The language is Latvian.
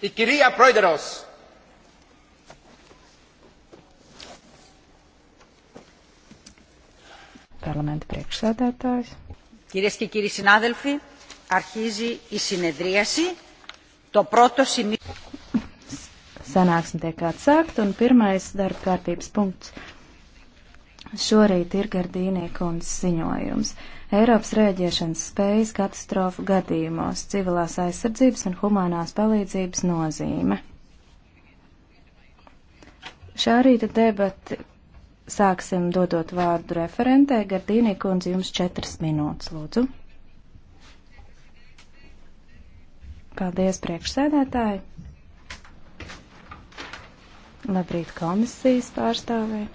Η κυρία Πρόεδρος. Parlamenta priekšsēdētājs. Κυρίες και κύριοι συνάδελφοι, αρχίζει η συνεδρίαση. Το πρώτο σημείο. Sanāksme tiek atsākt un pirmais darba kārtības punkts Šorīt ir Gardīnija kundzes ziņojums. Eiropas rēģiešanas spējas katastrofu gadījumos civilās aizsardzības un humanās palīdzības nozīme. Šā rīta debati sāksim dodot vārdu referentē. Gardīnija kundze jums četras minūtes, lūdzu. Paldies, priekšsēdētāji. Labrīt, komisijas pārstāvēji.